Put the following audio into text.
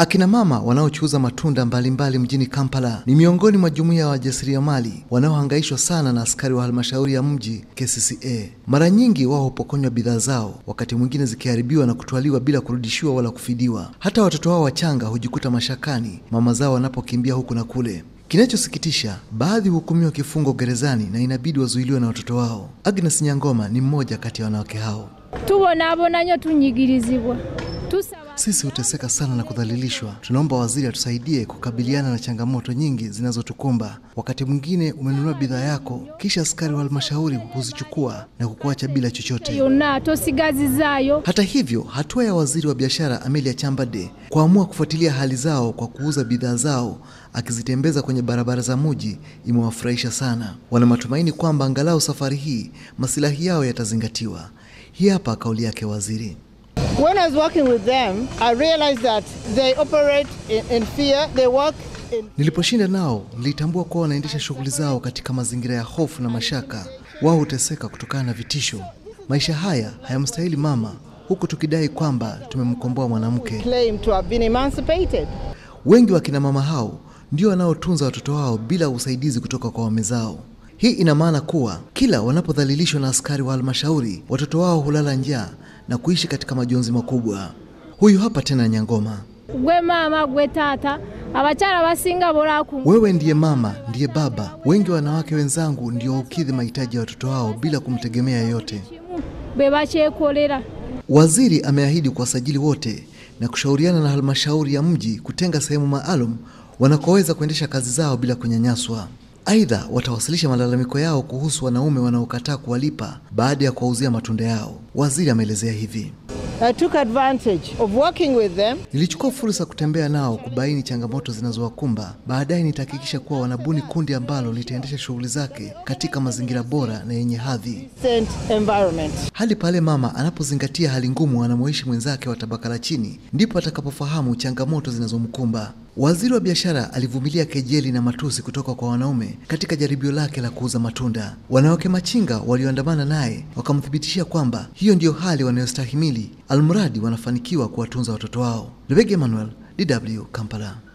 Akina mama wanaochuuza matunda mbalimbali mbali mjini Kampala ni miongoni mwa jumuiya ya wajasiriamali wanaohangaishwa sana na askari wa halmashauri ya mji KCCA. Mara nyingi wao hupokonywa bidhaa zao, wakati mwingine zikiharibiwa na kutwaliwa bila kurudishiwa wala kufidiwa. Hata watoto wao wachanga hujikuta mashakani mama zao wanapokimbia huku na kule. Kinachosikitisha, baadhi huhukumiwa kifungo gerezani na inabidi wazuiliwe na watoto wao. Agnes Nyangoma ni mmoja kati ya wanawake hao. tuvonavo nanyo tunyigirizibwa sisi huteseka sana na kudhalilishwa. Tunaomba waziri atusaidie kukabiliana na changamoto nyingi zinazotukumba. Wakati mwingine umenunua bidhaa yako, kisha askari wa halmashauri huzichukua na kukuacha bila chochote. Hata hivyo, hatua ya waziri wa biashara Amelia Chambade kuamua kufuatilia hali zao kwa kuuza bidhaa zao akizitembeza kwenye barabara za mji imewafurahisha sana. Wana matumaini kwamba angalau safari hii masilahi yao yatazingatiwa. Hii hapa kauli yake waziri. When I was working with them, I realized that they operate in, in fear. They work in... Niliposhinda nao, nilitambua kuwa wanaendesha shughuli zao katika mazingira ya hofu na mashaka. Wao huteseka kutokana na vitisho. Maisha haya hayamstahili mama, huku tukidai kwamba tumemkomboa mwanamke. Wengi wa kina mama hao ndio wanaotunza watoto wao bila usaidizi kutoka kwa wame zao. Hii ina maana kuwa kila wanapodhalilishwa na askari wa halmashauri, watoto wao hulala njaa na kuishi katika majonzi makubwa. Huyu hapa tena Nyangoma. Gwe mama gwe tata abachara basinga boraku. Wewe ndiye mama, ndiye baba. Wengi wanawake wenzangu ndio ukidhi mahitaji ya watoto wao bila kumtegemea yeyote. Waziri ameahidi kuwasajili wote na kushauriana na halmashauri ya mji kutenga sehemu maalum wanakoweza kuendesha kazi zao bila kunyanyaswa. Aidha, watawasilisha malalamiko yao kuhusu wanaume wanaokataa kuwalipa baada ya kuwauzia matunda yao. Waziri ameelezea hivi: I took advantage of working with them. Nilichukua fursa kutembea nao kubaini changamoto zinazowakumba. Baadaye nitahakikisha kuwa wanabuni kundi ambalo litaendesha shughuli zake katika mazingira bora na yenye hadhi, hadi pale mama anapozingatia hali ngumu anamoishi mwenzake wa tabaka la chini, ndipo atakapofahamu changamoto zinazomkumba. Waziri wa biashara alivumilia kejeli na matusi kutoka kwa wanaume katika jaribio lake la kuuza matunda. Wanawake machinga walioandamana naye wakamthibitishia kwamba hiyo ndiyo hali wanayostahimili, almradi wanafanikiwa kuwatunza watoto wao. Rebecca Emmanuel, DW, Kampala.